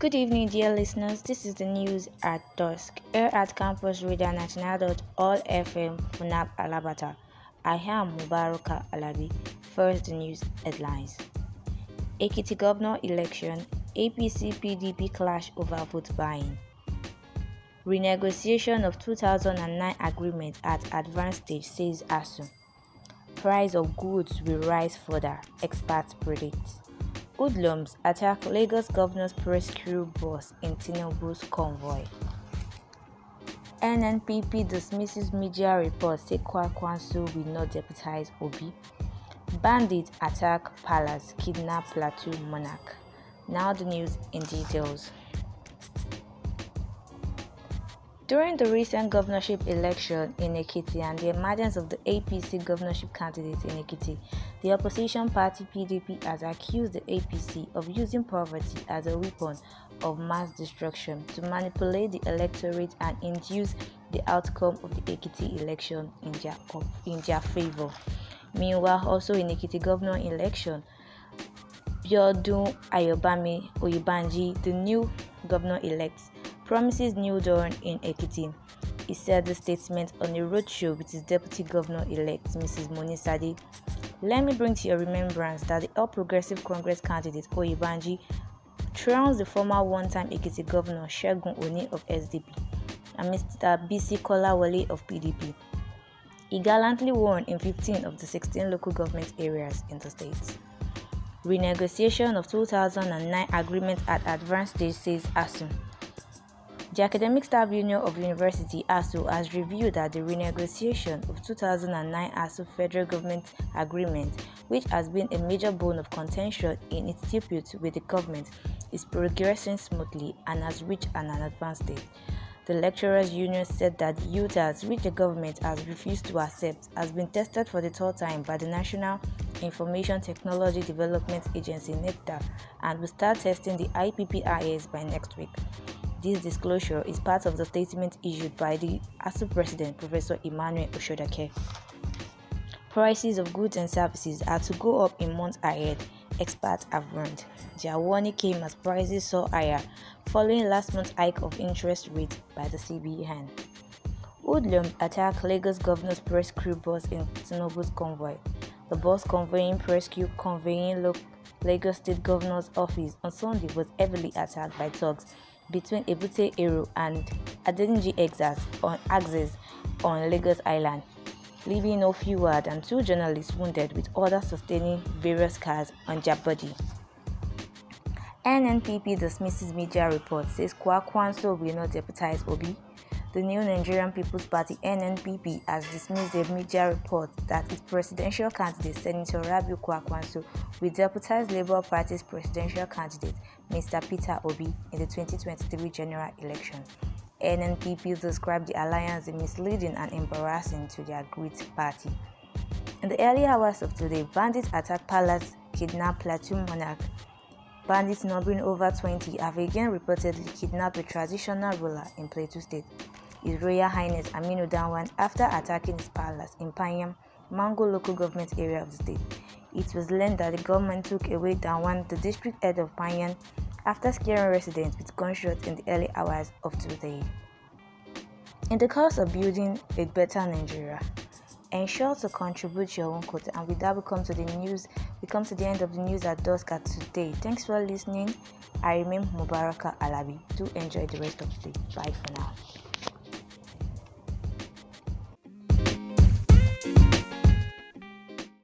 Good evening, dear listeners. This is the news at dusk here at Campus Radio dot all FM Funab Alabata. I am Mubaraka Alabi. First, the news headlines Ekiti Governor election, APC PDP clash over vote buying. Renegotiation of 2009 agreement at advanced stage says ASU. Price of goods will rise further, experts predict. Hoodlums attack Lagos governor's press crew bus in Tinubu's convoy. NNPP dismisses media reports say Kwakwansu will not deputize Obi. Bandits attack palace, kidnap plateau monarch. Now the news in details. During the recent governorship election in Ekiti and the emergence of the APC governorship candidate in Ekiti, the opposition party PDP has accused the APC of using poverty as a weapon of mass destruction to manipulate the electorate and induce the outcome of the Ekiti election in their, in their favor. Meanwhile, also in Ekiti governor election, Biodun Ayobami Oyibanji, the new governor-elect, promises new dawn in Ekiti. He said the statement on a roadshow with his deputy governor elect, Mrs. Moni Sadi. Let me bring to your remembrance that the All Progressive Congress candidate Oyebanji trounced the former one time Ekiti governor Shegun Oni of SDP and Mr. BC Kolawole of PDP. He gallantly won in 15 of the 16 local government areas in the state. Renegotiation of 2009 agreement at advanced stage says ASUM. The Academic Staff Union of University ASU has revealed that the renegotiation of 2009 ASU federal government agreement, which has been a major bone of contention in its dispute with the government, is progressing smoothly and has reached an advanced stage. The lecturers' union said that UTAS, which the government has refused to accept, has been tested for the third time by the National Information Technology Development Agency (NEPTA) and will start testing the IPPIS by next week. This disclosure is part of the statement issued by the ASU president, Professor Emmanuel Oshodake. Prices of goods and services are to go up in months ahead, experts have warned. Their warning came as prices soared higher following last month's hike of interest rates by the CBN. Hoodlums attacked Lagos governor's press crew bus in Tinubu's convoy. The bus convoying press crew conveying Lagos State Governor's office on Sunday was heavily attacked by thugs between Ebute Eru and Adeniji Exas on axis on Lagos Island, leaving no fewer than two journalists wounded with others sustaining various scars on their body. NNPP dismisses media reports, says Kwakwanso will not deputize Obi. The New Nigerian People's Party (NNPP) has dismissed a media report that its presidential candidate Senator Rabiu Kwakwanso will deputize Labour Party's presidential candidate Mr. Peter Obi in the 2023 general election. NNPP described the alliance as misleading and embarrassing to their great party. In the early hours of today, bandits attacked palace, kidnapped platoon monarch Bandits numbering over 20 have again reportedly kidnapped a traditional ruler in Plateau State, His Royal Highness Aminu Danwan, after attacking his palace in Panyam, Mango local government area of the state. It was learned that the government took away Danwan, the district head of Panyan, after scaring residents with gunshots in the early hours of today. In the course of building a better Nigeria, ensure to contribute your own quota. And with that, we come to the news. We come to the end of the news at dusk at today. Thanks for listening. I remain Mubaraka Alabi. Do enjoy the rest of the day. Bye for now.